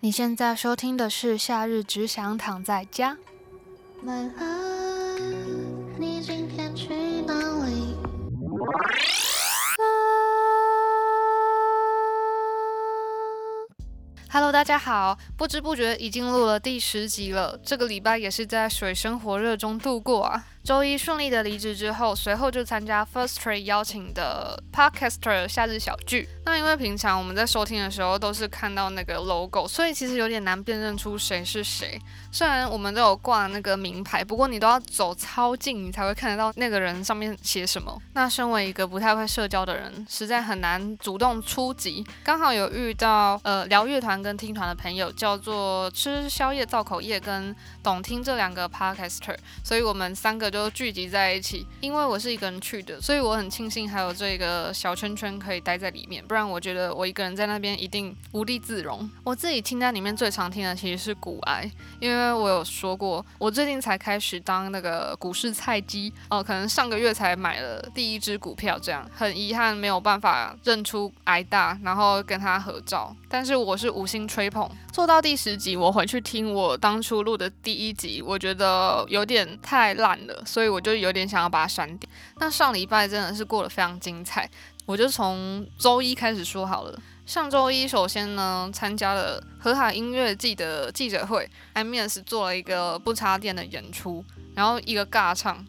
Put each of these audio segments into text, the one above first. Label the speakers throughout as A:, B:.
A: 你現在收聽的是《夏日只想躺在家》。你今天去哪裡啊？Hello，大家好，不知不覺已經錄了第十集了。這個禮拜也是在水深火熱中度過啊。週一順利的離職之後，隨後就參加 Firstory 邀請的 Podcaster 夏日小聚。那因為平常我們在收聽的時候都是看到那個 logo，所以其實有點難辨認出誰是誰。雖然我們都有掛那個名牌，不過你都要走超近，你才會看得到那個人上面寫什麼。那身為一個不太會社交的人，實在很難主動出擊。剛好有遇到呃聊樂團跟聽團的朋友，叫做吃宵夜、造口業跟董聽這兩個 Podcaster，所以我們三個就。都聚集在一起，因為我是一個人去的，所以我很慶幸還有這個小圈圈可以待在裡面，不然我覺得我一個人在那邊一定無地自容。我自己清單裡面最常聽的其實是股癌，因為我有說過，我最近才開始當那個股市菜雞哦、呃，可能上個月才買了第一支股票，這樣很遺憾沒有辦法認出癌大，然後跟他合照，但是我是五星吹捧。做到第十集，我回去聽我當初錄的第一集，我覺得有點太爛了，所以我就有點想要把它刪掉。那上禮拜真的是過得非常精彩，我就從周一開始說好了。上周一首先呢，參加了和卡音樂季的記者會，I miss 做了一個不插電的演出，然後一個尬唱，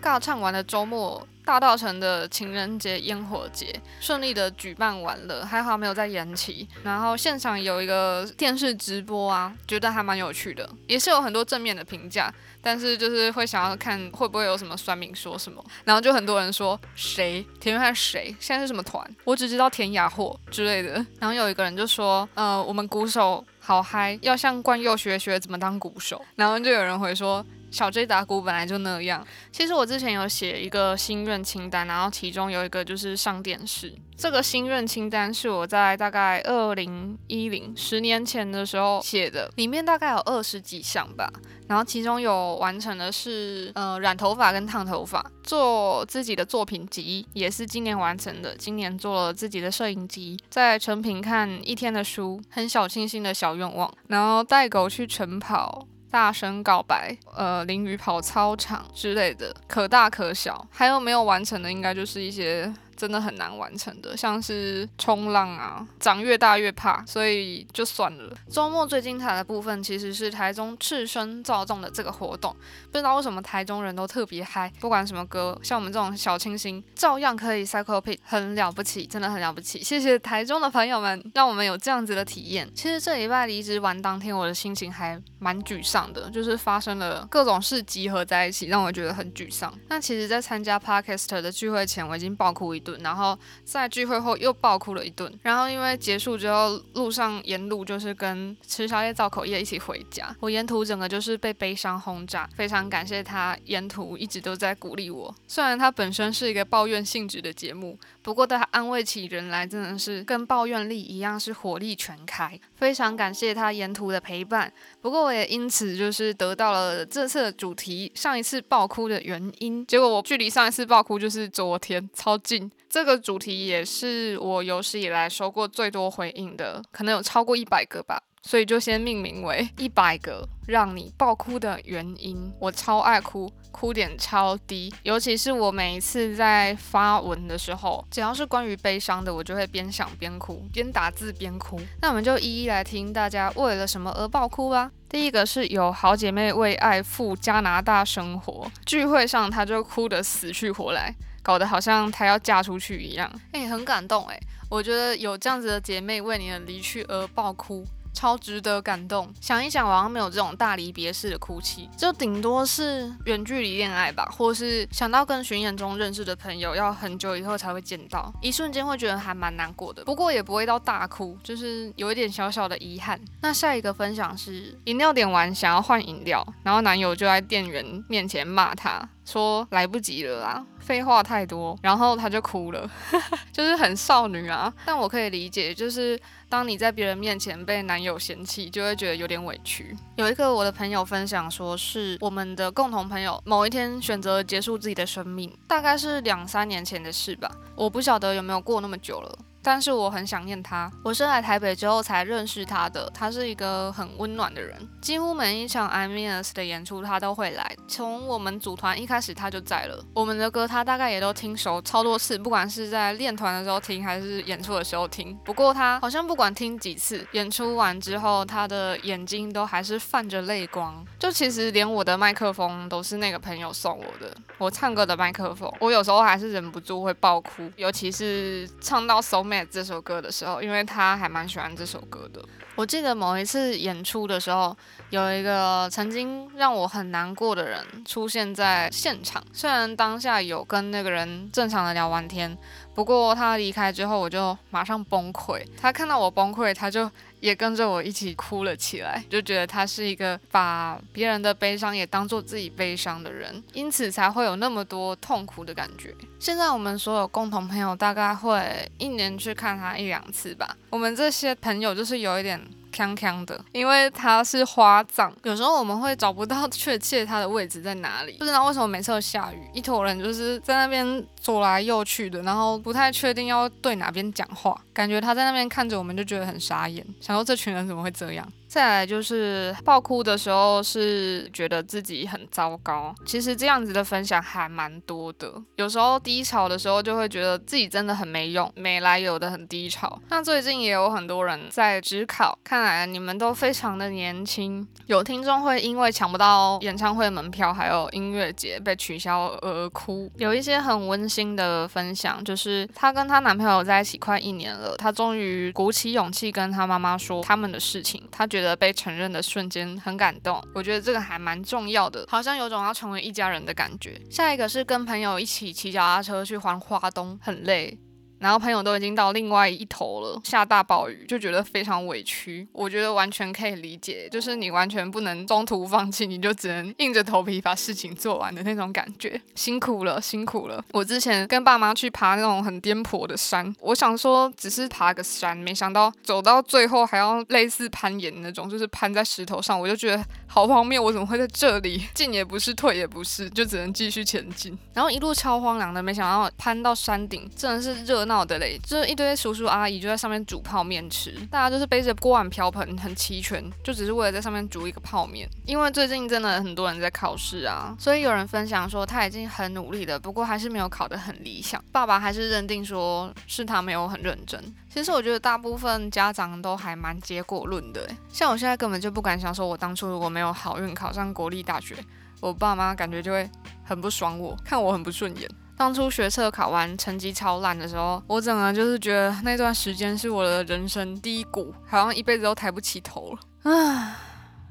A: 尬唱完了周末。大稻埕的情人節煙火節順利的舉辦完了，還好沒有再延期。然後現場有一個電視直播啊，覺得還蠻有趣的，也是有很多正面的評價。但是就是會想要看會不會有什麼酸民說什麼，然後就很多人說誰田淵和誰現在是什麼團，我只知道田雅霍之類的。然後有一個人就說，呃，我們鼓手好嗨，要向冠佑學學怎麼當鼓手。然後就有人回說。小 J 打鼓本來就那樣。其實我之前有寫一個心願清單，然後其中有一個就是上電視。這個心願清單是我在大概二零一零十年前的時候寫的，裡面大概有二十幾項吧。然後其中有完成的是，呃，染頭髮跟燙頭髮，做自己的作品集也是今年完成的。今年做了自己的攝影集，在誠品看一天的書，很小清新的小願望。然後帶狗去晨跑。大聲告白，呃，淋雨跑操場之類的，可大可小。還有沒有完成的，應該就是一些。真的很難完成的，像是衝浪啊，長越大越怕，所以就算了。周末最精彩的部分其實是台中赤身造中的這個活動，不知道為什麼台中人都特別嗨，不管什麼歌，像我們這種小清新照樣可以 s y c h e p i 很了不起，真的很了不起。謝謝台中的朋友們，讓我們有這樣子的體驗。其實這禮拜離職完當天，我的心情還蠻沮喪的，就是發生了各種事集合在一起，讓我覺得很沮喪。那其實，在參加 Parkster 的聚會前，我已經暴哭一頓。然後在聚會後又爆哭了一頓，然後因為結束之後路上沿路就是跟吃宵夜、造口業一起回家，我沿途整個就是被悲傷轟炸，非常感謝他沿途一直都在鼓勵我，雖然他本身是一個抱怨性質的節目。不過他安慰起人來，真的是跟抱怨力一樣，是火力全開。非常感謝他沿途的陪伴。不過我也因此就是得到了這次的主題，上一次爆哭的原因。結果我距離上一次爆哭就是昨天，超近。這個主題也是我有史以來收過最多回應的，可能有超過一百個吧。所以就先命名為一百個讓你爆哭的原因。我超愛哭，哭點超低，尤其是我每一次在發文的時候，只要是關於悲傷的，我就會邊想邊哭，邊打字邊哭。那我們就一一來聽大家為了什麼而爆哭吧。第一個是有好姐妹為愛赴加拿大生活，聚會上她就哭得死去活來，搞得好像她要嫁出去一樣。欸，很感動欸，我覺得有這樣子的姐妹為你的離去而爆哭，超值得感動，想一想，我好像沒有這種大離別式的哭泣，就頂多是遠距離戀愛吧，或是想到跟巡演中認識的朋友要很久以後才會見到，一瞬間會覺得還蠻難過的。不過也不會到大哭，就是有一點小小的遺憾。那下一個分享是飲料點完想要換飲料，然後男友就在店員面前罵他。說來不及了啊，廢話太多，然後她就哭了， 就是很少女啊。但我可以理解，就是當你在別人面前被男友嫌棄，就會覺得有點委屈。有一個我的朋友分享說，是我們的共同朋友某一天選擇結束自己的生命，大概是兩三年前的事吧，我不曉得有沒有過那麼久了。但是我很想念他。我是來台北之後才認識他的。他是一個很溫暖的人，幾乎每一場 IMUS 的演出他都會來。從我們組團一開始，他就在了。我們的歌他大概也都聽熟超多次，不管是在練團的時候聽，還是演出的時候聽。不過他好像不管聽幾次，演出完之後他的眼睛都還是泛着淚光。就其實連我的麥克風都是那個朋友送我的，我唱歌的麥克風。我有時候還是忍不住會爆哭，尤其是唱到 so。這首歌的時候，因為他還蠻喜歡這首歌的。我記得某一次演出的時候，有一個曾經讓我很難過的人出現在現場。雖然當下有跟那個人正常的聊完天，不過他離開之後，我就馬上崩潰。他看到我崩潰，他就……也跟着我一起哭了起來，就覺得他是一個把別人的悲傷也當做自己悲傷的人，因此才會有那麼多痛苦的感覺。現在我們所有共同朋友大概會一年去看他一兩次吧。我們這些朋友就是有一點。鏘鏘的，因為它是花葬，有時候我們會找不到確切它的位置在哪裡，不知道為什麼每次都下雨，一坨人就是在那邊左來右去的，然後不太確定要對哪邊講話，感覺他在那邊看着我們，就覺得很傻眼，想說這群人怎麼會這樣。再來就是爆哭的時候是覺得自己很糟糕，其實這樣子的分享還蠻多的。有時候低潮的時候就會覺得自己真的很沒用，沒來由的很低潮。那最近也有很多人在指考，看來你們都非常的年輕。有聽眾會因為搶不到演唱會門票，還有音樂節被取消而哭。有一些很溫馨的分享，就是她跟她男朋友在一起快一年了，她終於鼓起勇氣跟她媽媽說他們的事情，她覺。覺得被承認的瞬間很感動，我覺得這個還蠻重要的，好像有種要成為一家人的感覺。下一個是跟朋友一起騎腳踏車去環花東，很累。然後朋友都已經到另外一頭了，下大暴雨就覺得非常委屈，我覺得完全可以理解，就是你完全不能中途放棄，你就只能硬着頭皮把事情做完的那種感覺，辛苦了，辛苦了。我之前跟爸媽去爬那種很顛簸的山，我想說只是爬個山，沒想到走到最後還要類似攀岩那種，就是攀在石頭上，我就覺得好荒謬，我怎麼會在這裡，進也不是，退也不是，就只能繼續前進。然後一路超荒涼的，沒想到攀到山頂真的是熱鬧的。鬧的嘞，就是一堆叔叔阿姨就在上面煮泡麵吃，大家就是背着鍋碗瓢盆很齊全，就只是為了在上面煮一個泡麵。因為最近真的很多人在考試啊，所以有人分享說他已經很努力了，不過還是沒有考得很理想。爸爸還是認定說是他沒有很認真。其實我覺得大部分家長都還蠻結果論的欸，像我現在根本就不敢想，說我當初如果沒有好運考上國立大學，我爸媽感覺就會很不爽我，我看我很不順眼。當初學測考完成績超爛的時候，我整個就是覺得那段時間是我的人生低谷，好像一輩子都抬不起頭了。唉，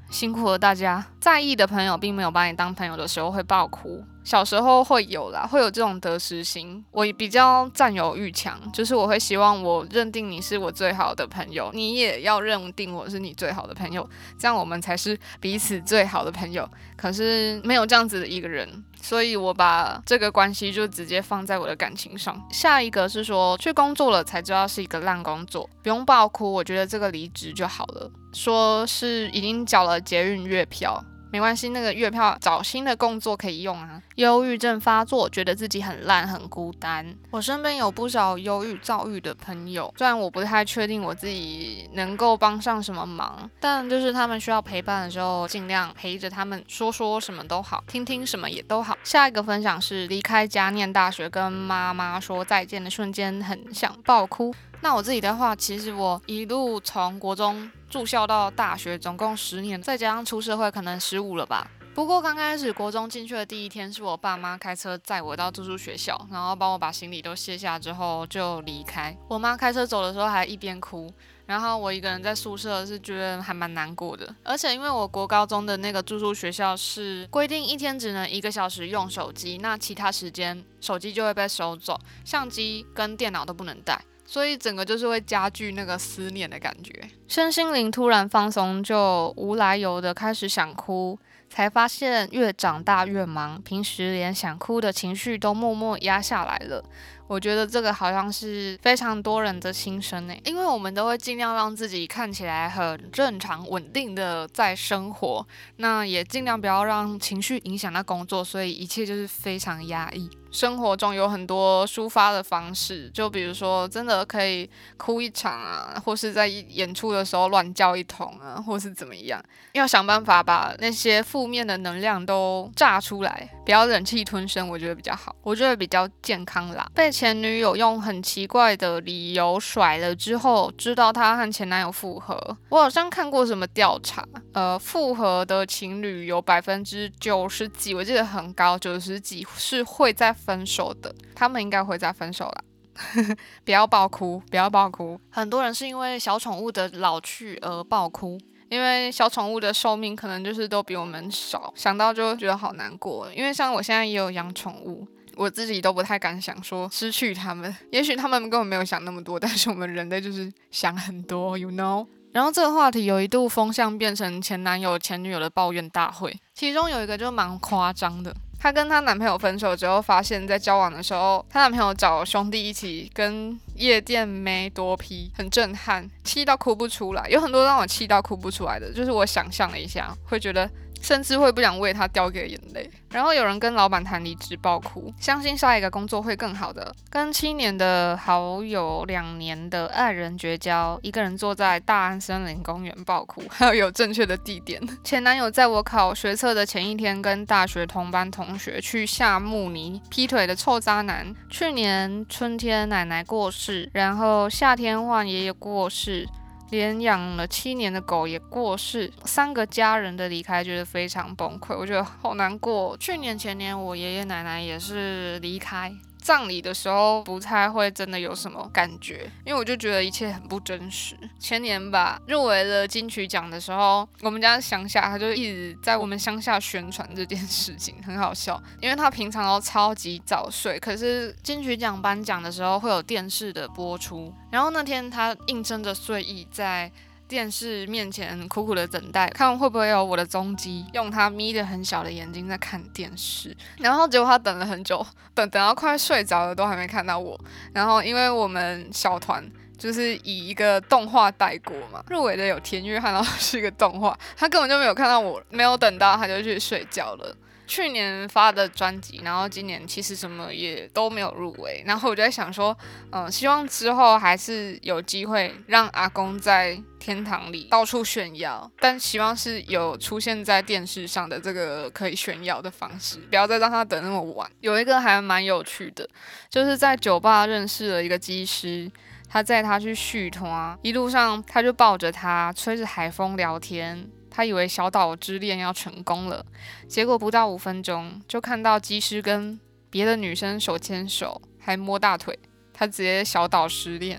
A: 辛苦了大家，在意的朋友並沒有把你當朋友的時候會爆哭。小時候會有啦，會有這種得失心。我也比較佔有欲強，就是我會希望我認定你是我最好的朋友，你也要認定我是你最好的朋友，這樣我們才是彼此最好的朋友。可是沒有這樣子的一個人，所以我把這個關係就直接放在我的感情上。下一個是說去工作了才知道是一個爛工作，不用爆哭，我覺得這個離職就好了。說是已經繳了捷運月票。沒關係，那個月票找新的工作可以用啊。憂鬱症發作，覺得自己很爛，很孤單。我身邊有不少憂鬱、躁鬱的朋友，雖然我不太確定我自己能夠幫上什麼忙，但就是他們需要陪伴的時候，盡量陪着他們，說說什麼都好，聽聽什麼也都好。下一個分享是離開家念大學，跟媽媽說再見的瞬間很想爆哭。那我自己的話，其實我一路從國中。住校到大學總共十年，再加上出社會可能十五了吧。不過剛開始國中進去的第一天，是我爸媽開車載我到住宿學校，然後幫我把行李都卸下，之後就離開。我媽開車走的時候還一邊哭，然後我一個人在宿舍是覺得還蠻難過的。而且因為我國高中的那個住宿學校是規定一天只能一個小時用手機，那其他時間手機就會被收走，相機跟電腦都不能帶。所以整個就是會加劇那個思念的感覺，身心靈突然放鬆，就無來由的開始想哭，才發現越長大越忙，平時連想哭的情緒都默默壓下來了。我覺得這個好像是非常多人的心聲呢、欸，因為我們都會盡量讓自己看起來很正常、穩定的在生活，那也盡量不要讓情緒影響到工作，所以一切就是非常壓抑。生活中有很多抒發的方式，就比如說真的可以哭一場啊，或是在演出的時候亂叫一通啊，或是怎麼樣，要想辦法把那些負面的能量都炸出來，不要忍氣吞聲，我覺得比較好，我覺得比較健康啦。被前女友用很奇怪的理由甩了之後，知道她和前男友復合，我好像看過什麼調查，呃，復合的情侶有百分之九十幾，我記得很高，九十幾是會在。分手的，他們應該會再分手啦。 不要爆哭，不要爆哭。很多人是因為小寵物的老去而爆哭，因為小寵物的壽命可能就是都比我們少，想到就覺得好難過。因為像我現在也有養寵物，我自己都不太敢想說失去他們。也許他們根本沒有想那麼多，但是我們人類就是想很多，you know。然後這個話題有一度風向變成前男友前女友的抱怨大會，其中有一個就蠻誇張的。她跟她男朋友分手之後，發現，在交往的時候，她男朋友找兄弟一起跟夜店妹多 P，很震撼，氣到哭不出來。有很多讓我氣到哭不出來的，就是我想象了一下，會覺得。甚至會不想為他，掉給眼淚。然後有人跟老板談離職，爆哭，相信下一個工作會更好的。跟七年的好友、兩年的愛人絕交，一個人坐在大安森林公園爆哭，還要有正確的地點。前男友在我考學測的前一天，跟大學同班同學去夏慕尼劈腿的臭渣男。去年春天奶奶過世，然後夏天換爺爺過世。連養了七年的狗也過世，三個家人的離開就是非常崩潰，我覺得好難過哦。去年前年我爺爺奶奶也是離開。葬禮的時候不太會真的有什麼感覺，因為我就覺得一切很不真實。前年吧，入圍了金曲獎的時候，我們家鄉下他就一直在我們鄉下宣傳這件事情，很好笑。因為他平常都超級早睡，可是金曲獎頒獎的時候會有電視的播出，然後那天他硬撐着睡意在。電視面前苦苦的等待，看會不會有我的蹤跡。用他眯着很小的眼睛在看電視，然後結果他等了很久，等等到快睡着了都還沒看到我。然後因為我們小團就是以一個動畫帶過嘛，入圍的有田悅，然後是一個動畫，他根本就沒有看到我，沒有等到他就去睡覺了。去年發的專輯，然後今年其實什麼也都沒有入圍，然後我就在想說，嗯、呃，希望之後還是有機會讓阿公在天堂裡到處炫耀，但希望是有出現在電視上的這個可以炫耀的方式，不要再讓他等那麼晚。有一個還蠻有趣的，就是在酒吧認識了一個技師，他載他去續攤，一路上他就抱着他，吹着海風聊天。他以為小島之戀要成功了，結果不到五分鐘就看到機師跟別的女生手牽手，還摸大腿，他直接小島失戀。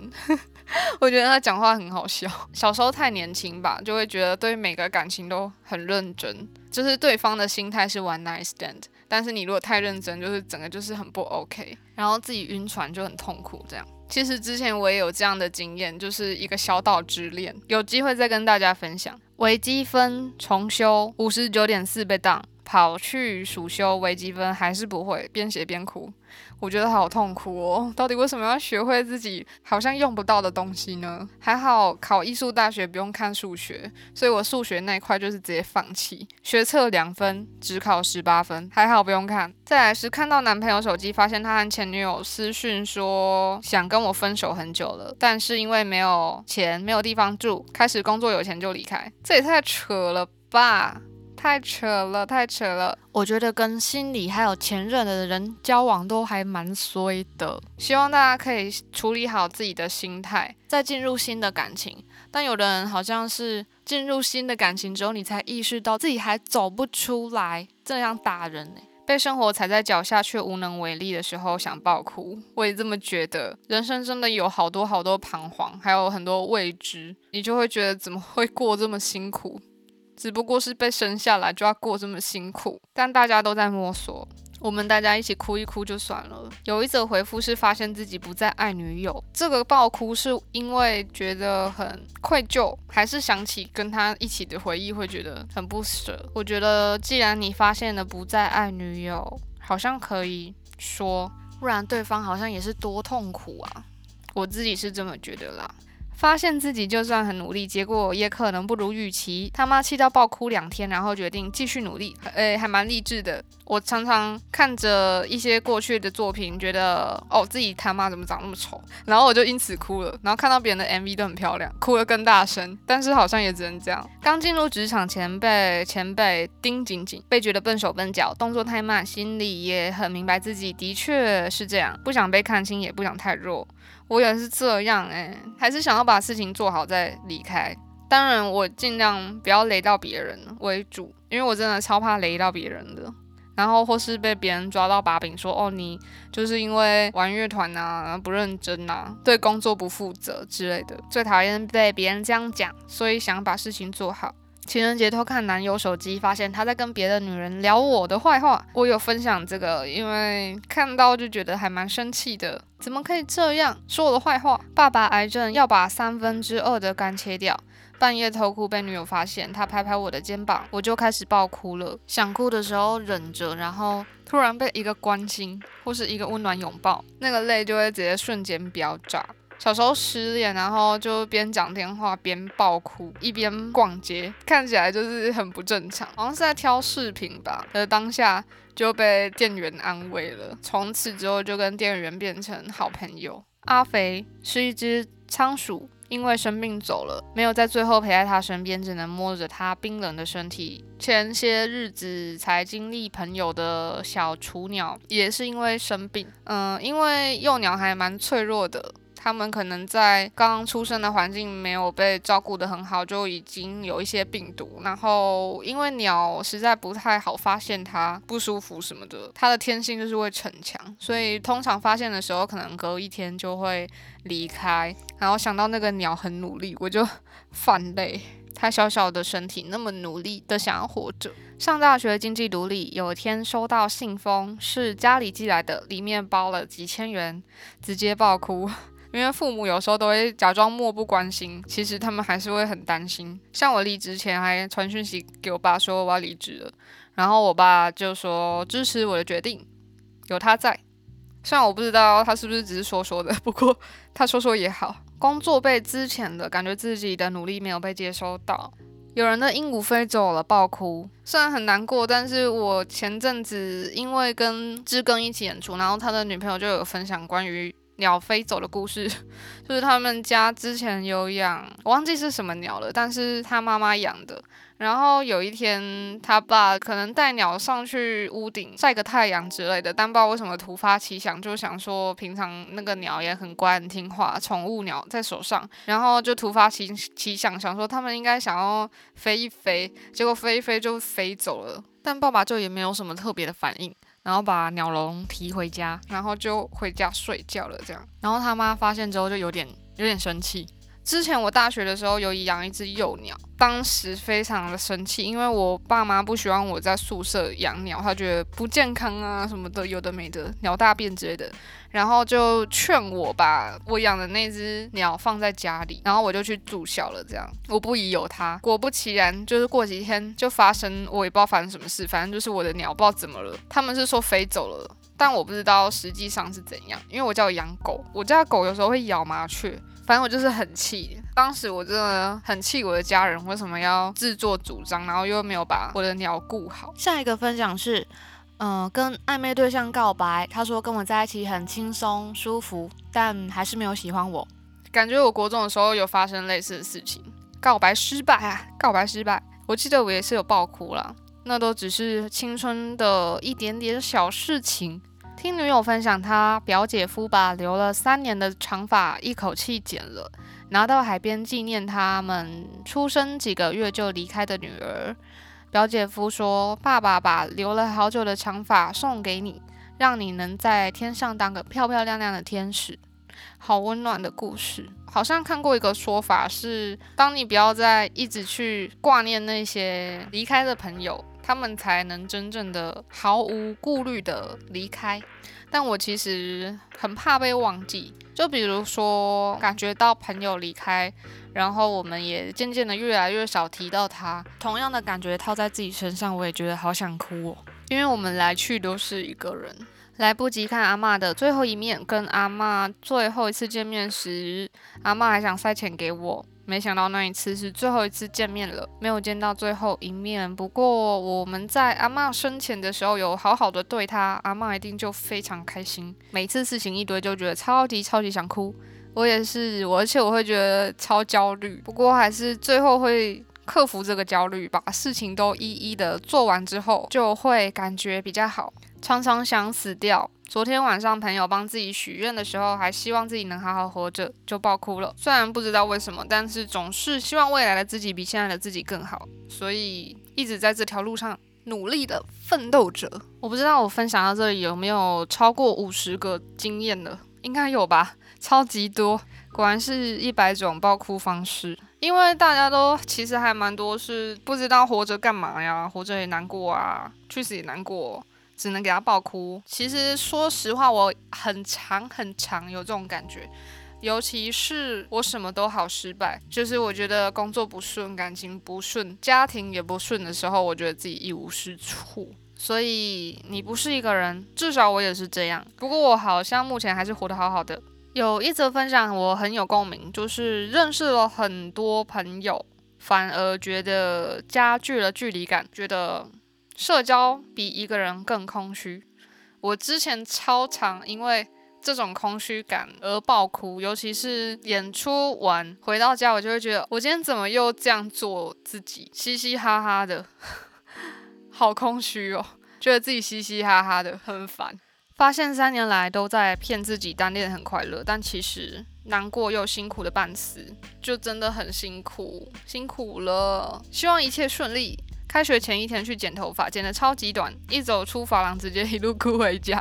A: 我覺得他講話很好笑，小時候太年輕吧，就會覺得對每個感情都很認真，就是對方的心態是玩 one night stand，但是你如果太認真，就是整個就是很不 OK，然後自己暈船就很痛苦這樣。其實之前我也有這樣的經驗，就是一個小島之戀，有機會再跟大家分享。微積分重修，五十九點四被當，跑去暑修微積分還是不會，邊寫邊哭。我覺得好痛苦哦，到底為什麼要學會自己好像用不到的東西呢？還好考藝術大學不用看數學，所以我數學那一塊就是直接放棄，學測兩分，只考十八分，還好不用看。再來是看到男朋友手機，發現他和前女友私訊說想跟我分手很久了，但是因為沒有錢，沒有地方住，開始工作有錢就離開，這也太扯了吧！太扯了，太扯了！我覺得跟心裡還有前任的人交往都還蠻衰的，希望大家可以處理好自己的心態，再進入新的感情。但有的人好像是進入新的感情之後，你才意識到自己還走不出來，這樣打人、欸、被生活踩在腳下卻無能為力的時候，想爆哭。我也這麼覺得，人生真的有好多好多彷徨，還有很多未知，你就會覺得怎麼會過這麼辛苦？只不過是被生下來就要過這麼辛苦，但大家都在摸索，我們大家一起哭一哭就算了。有一則回復是發現自己不再愛女友，這個爆哭是因為覺得很愧疚，還是想起跟他一起的回憶會覺得很不捨。我覺得既然你發現了不再愛女友，好像可以說，不然對方好像也是多痛苦啊。我自己是這麼覺得啦。發現自己就算很努力，結果也可能不如預期，他媽氣到爆哭兩天，然後決定繼續努力，哎，還蠻勵志的。我常常看着一些過去的作品，覺得哦，自己他媽怎麼長那麼醜，然後我就因此哭了。然後看到別人的 MV 都很漂亮，哭得更大聲。但是好像也只能這樣。剛進入職場前，被前輩前輩盯緊緊，被覺得笨手笨腳，動作太慢，心裡也很明白自己的確是這樣，不想被看清，也不想太弱。我也是這樣哎、欸，還是想要把事情做好再離開。當然，我盡量不要雷到別人為主，因為我真的超怕雷到別人的。然後或是被別人抓到把柄說，說哦，你就是因為玩樂團啊，不認真啊，對工作不負責之類的。最討厭被別人這樣講，所以想把事情做好。情人節偷看男友手機，發現他在跟別的女人聊我的壞話。我有分享這個，因為看到就覺得還蠻生氣的。怎麼可以這樣說我的壞話？爸爸癌症要把三分之二的肝切掉，半夜偷哭被女友發現，她拍拍我的肩膀，我就開始爆哭了。想哭的時候忍着，然後突然被一個關心或是一個溫暖擁抱，那個淚就會直接瞬間飆炸。小時候失戀，然後就邊講電話邊爆哭，一邊逛街，看起來就是很不正常，好像是在挑飾品吧。而當下就被店員安慰了，從此之後就跟店員變成好朋友。阿肥是一隻倉鼠，因為生病走了，沒有在最後陪在他身邊，只能摸着他冰冷的身體。前些日子才經歷朋友的小雛鳥，也是因為生病，嗯，因為幼鳥還蠻脆弱的。他們可能在剛剛出生的環境沒有被照顧得很好，就已經有一些病毒。然後因為鳥實在不太好發現它不舒服什麼的，它的天性就是會逞強，所以通常發現的時候可能隔一天就會離開。然後想到那個鳥很努力，我就泛淚。它小小的身體那麼努力的想要活着。上大學經濟獨立，有一天收到信封是家裡寄來的，裡面包了幾千元，直接爆哭。因為父母有時候都會假裝漠不關心，其實他們還是會很擔心。像我離職前還傳訊息給我爸說我要離職了，然後我爸就說支持我的決定，有他在。雖然我不知道他是不是只是說說的，不過他說說也好。工作被資遣了，感覺自己的努力沒有被接收到。有人的鸚鵡飛走了，爆哭。雖然很難過，但是我前陣子因為跟志庚一起演出，然後他的女朋友就有分享關於。鳥飛走的故事，就是他們家之前有養，我忘記是什麼鳥了，但是他媽媽養的。然後有一天，他爸可能帶鳥上去屋頂曬個太陽之類的，但不知道為什麼突發奇想，就想說平常那個鳥也很乖很聽話，寵物鳥在手上，然後就突發奇奇想想說他們應該想要飛一飛，結果飛一飛就飛走了，但爸爸就也沒有什麼特別的反應。然後把鳥籠提回家，然後就回家睡覺了，這樣。然後他媽發現之後就有點有點生氣。之前我大學的時候有養一隻幼鳥，當時非常的生氣，因為我爸媽不喜歡我在宿舍養鳥，他覺得不健康啊什麼的，有的沒的，鳥大便之類的，然後就勸我把我養的那隻鳥放在家裡，然後我就去住校了，這樣我不疑有他。果不其然，就是過幾天就發生，我也不知道發生什麼事，反正就是我的鳥不知道怎麼了，他們是說飛走了，但我不知道實際上是怎樣，因為我家有養狗，我家狗有時候會咬麻雀。反正我就是很氣，當時我真的很氣我的家人為什麼要自作主張，然後又沒有把我的鳥顧好。下一個分享是，嗯、呃，跟曖昧對象告白，他說跟我在一起很輕鬆舒服，但還是沒有喜歡我。感覺我國中的時候有發生類似的事情，告白失敗啊，告白失敗。我記得我也是有爆哭啦，那都只是青春的一點點小事情。聽女友分享她，她表姐夫把留了三年的長髮一口氣剪了，拿到海邊紀念他們出生幾個月就離開的女兒。表姐夫說：“爸爸把留了好久的長髮送給你，讓你能在天上當個漂漂亮亮的天使。”好溫暖的故事，好像看過一個說法是，當你不要再一直去掛念那些離開的朋友。他們才能真正的毫無顧慮的離開，但我其實很怕被忘記。就比如說，感覺到朋友離開，然後我們也漸漸的越來越少提到他。同樣的感覺套在自己身上，我也覺得好想哭哦。因為我們來去都是一個人，來不及看阿嬤的最後一面，跟阿嬤最後一次見面時，阿嬤還想塞錢給我。沒想到那一次是最後一次見面了，沒有見到最後一面。不過我們在阿嬤生前的時候有好好的對她，阿嬤一定就非常開心。每次事情一堆就覺得超級超級想哭，我也是我，而且我會覺得超焦慮。不過還是最後會。克服這個焦慮，把事情都一一的做完之後，就會感覺比較好。常常想死掉。昨天晚上朋友幫自己許願的時候，還希望自己能好好活着，就爆哭了。雖然不知道為什麼，但是總是希望未來的自己比現在的自己更好，所以一直在這條路上努力的奮鬥着。我不知道我分享到這裡有沒有超過五十個經驗了，應該有吧，超級多。果然是一百種爆哭方式。因為大家都其實還蠻多是不知道活着幹嘛呀，活着也難過啊，去死也難過，只能給他爆哭。其實說實話，我很常很常有這種感覺，尤其是我什麼都好失敗，就是我覺得工作不順、感情不順、家庭也不順的時候，我覺得自己一無是處。所以你不是一個人，至少我也是這樣。不過我好像目前還是活得好好的。有一則分享我很有共鳴，就是認識了很多朋友，反而覺得加劇了距離感，覺得社交比一個人更空虛。我之前超常因為這種空虛感而爆哭，尤其是演出完回到家，我就會覺得我今天怎麼又這樣做自己，嘻嘻哈哈的， 好空虛哦，覺得自己嘻嘻哈哈的很煩。發現三年來都在騙自己單戀很快樂，但其實難過又辛苦的半死，就真的很辛苦，辛苦了。希望一切順利。開學前一天去剪頭髮，剪得超級短，一走出髮廊直接一路哭回家。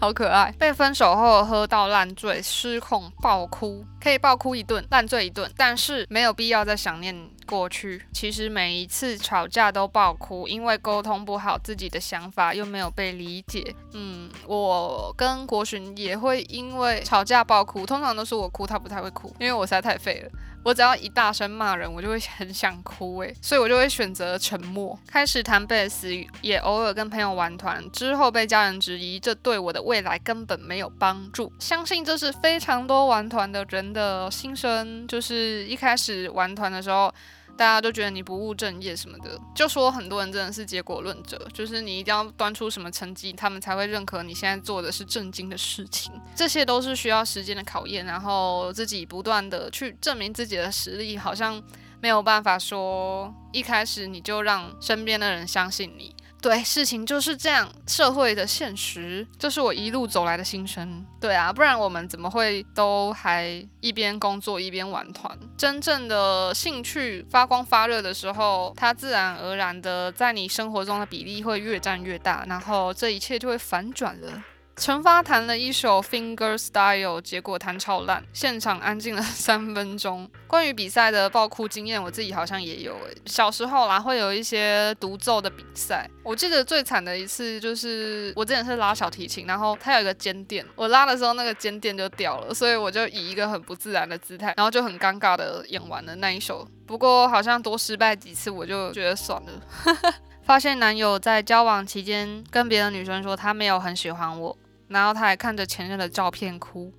A: 好可愛！被分手後喝到爛醉，失控爆哭，可以爆哭一頓，爛醉一頓，但是沒有必要再想念過去。其實每一次吵架都爆哭，因為溝通不好，自己的想法又沒有被理解。嗯，我跟國巡也會因為吵架爆哭，通常都是我哭，他不太會哭，因為我實在太廢了。我只要一大聲罵人，我就會很想哭誒、欸，所以我就會選擇沉默。開始彈貝斯，也偶爾跟朋友玩團，之後被家人質疑，這對我的未來根本沒有幫助。相信這是非常多玩團的人的心聲，就是一開始玩團的時候。大家都覺得你不務正業什麼的，就說很多人真的是結果論者，就是你一定要端出什麼成績，他們才會認可你現在做的是正經的事情。這些都是需要時間的考驗，然後自己不斷的去證明自己的實力，好像沒有辦法說一開始你就讓身邊的人相信你。對，事情就是這樣，社會的現實就是我一路走來的心聲。對啊，不然我們怎麼會都還一邊工作一邊玩團？真正的興趣發光發熱的時候，它自然而然的在你生活中的比例會越占越大，然後這一切就會反轉了。陳發彈了一首 Finger Style，結果彈超爛，現場安靜了三分鐘。關於比賽的爆哭經驗，我自己好像也有欸。小時候啦，會有一些獨奏的比賽，我記得最慘的一次就是我之前是拉小提琴，然後它有一個肩墊，我拉的時候那個肩墊就掉了，所以我就以一個很不自然的姿態，然後就很尷尬的演完了那一首。不過好像多失敗幾次，我就覺得算了。 發現男友在交往期間跟別的女生說他沒有很喜歡我。然後他還看着前任的照片哭，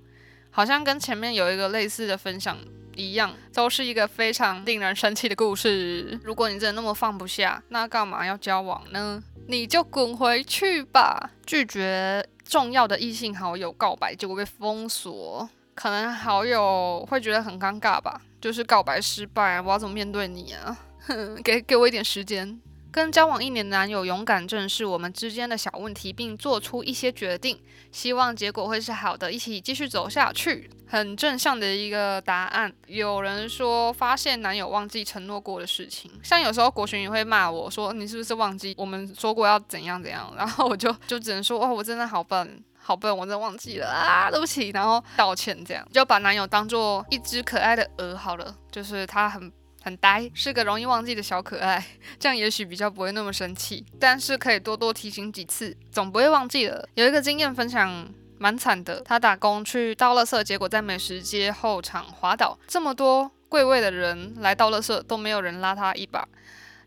A: 好像跟前面有一個類似的分享一樣，都是一個非常令人生氣的故事。如果你真的那麼放不下，那干嘛要交往呢？你就滾回去吧！拒絕重要的異性好友告白，結果被封鎖，可能好友會覺得很尷尬吧？就是告白失敗，我要怎麼面對你啊？哼，給給我一點時間。跟交往一年的男友勇敢正視我們之間的小問題，並做出一些決定，希望結果會是好的，一起繼續走下去，很正向的一個答案。有人說發現男友忘記承諾過的事情，像有時候國巡也會罵我說，你是不是忘記我們說過要怎樣怎樣，然後我就就只能說哦，我真的好笨，好笨，我真的忘記了啊，對不起，然後道歉這樣，就把男友當做一隻可愛的鵝好了，就是他很。很呆，是個容易忘記的小可愛，這樣也許比較不會那麼生氣，但是可以多多提醒幾次，總不會忘記了。有一個經驗分享，蠻慘的。他打工去倒垃圾，結果在美食街後場滑倒，這麼多櫃位的人來倒垃圾都沒有人拉他一把。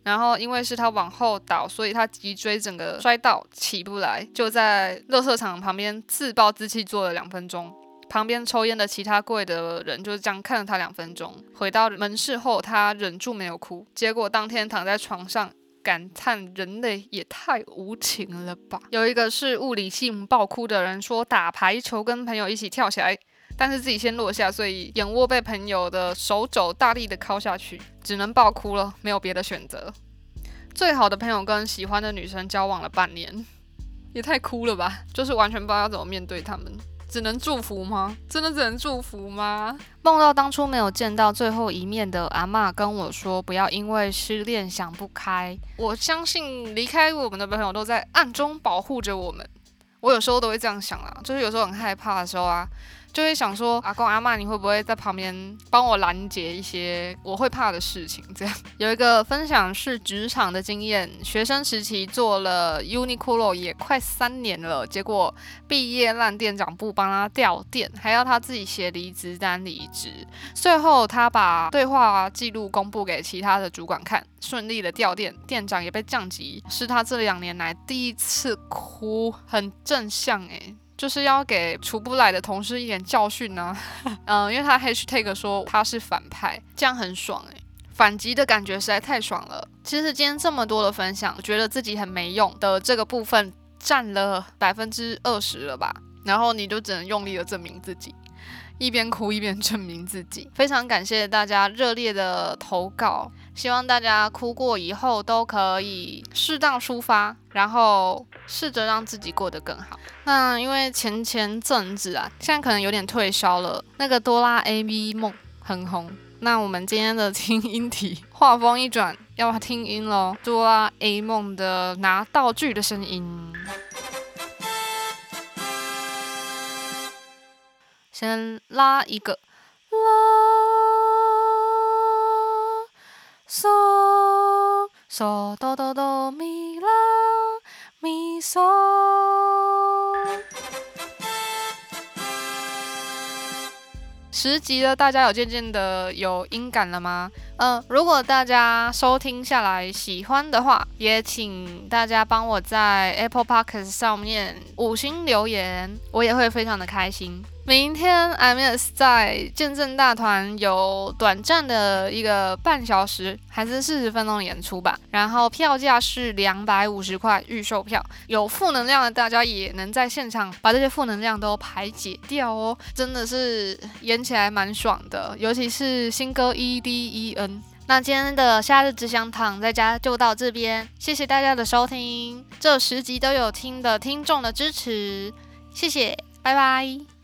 A: 然後因為是他往後倒，所以他脊椎整個摔到起不來，就在垃圾場旁邊自暴自棄坐了兩分鐘。旁邊抽煙的其他櫃的人就是這樣看了他兩分鐘。回到門市後，他忍住沒有哭。結果當天躺在床上感嘆：“人類也太無情了吧！”有一個是物理性爆哭的人，說打排球跟朋友一起跳起來，但是自己先落下，所以眼窩被朋友的手肘大力的敲下去，只能爆哭了，沒有別的選擇。最好的朋友跟喜歡的女生交往了半年，也太哭了吧！就是完全不知道要怎麼面對他們。只能祝福嗎？真的只能祝福嗎？夢到當初沒有見到最後一面的阿嬤跟我說：“不要因為失戀想不開。”我相信離開我們的朋友都在暗中保護着我們。我有時候都會這樣想啊，就是有時候很害怕的時候啊。就會想說，阿公阿嬤，你會不會在旁邊幫我攔截一些我會怕的事情？這樣。有一個分享是職場的經驗，學生時期做了 Uniqlo 也快三年了，結果畢業爛店長不幫他調店，還要他自己寫離職單離職。最後他把對話記錄公布給其他的主管看，順利的調店，店長也被降級，是他這兩年來第一次哭，很正向誒、欸。就是要給處不來的同事一點教訓呢，嗯，因為他 hashtag 說他是反派，這樣很爽誒、欸。反擊的感覺實在太爽了。其實今天這麼多的分享，覺得自己很沒用的這個部分占了百分之二十了吧，然後你就只能用力的證明自己，一邊哭一邊證明自己。非常感謝大家熱烈的投稿。希望大家哭過以後都可以適當抒發，然後試着讓自己過得更好。那因為前前陣子啊，現在可能有點退燒了，那個哆啦 A V 夢很紅。那我們今天的聽音題，畫風一轉，要不聽音咯。哆啦 A 夢的拿道具的聲音，先拉一個。嗦嗦哆哆哆咪啦咪嗦。十集了，大家有漸漸的有音感了嗎？嗯、呃，如果大家收聽下來喜歡的話，也請大家幫我在 Apple Podcast 上面五星留言，我也會非常的開心。明天 MS 在見證大團有短暫的一個半小時，還是四十分鐘演出吧。然後票價是兩百五十塊，預售票。有負能量的大家也能在現場把這些負能量都排解掉哦。真的是演起來蠻爽的，尤其是新歌 EDEN。那今天的夏日只想躺在家就到這邊，謝謝大家的收聽，這十集都有聽的聽眾的支持，謝謝，拜拜。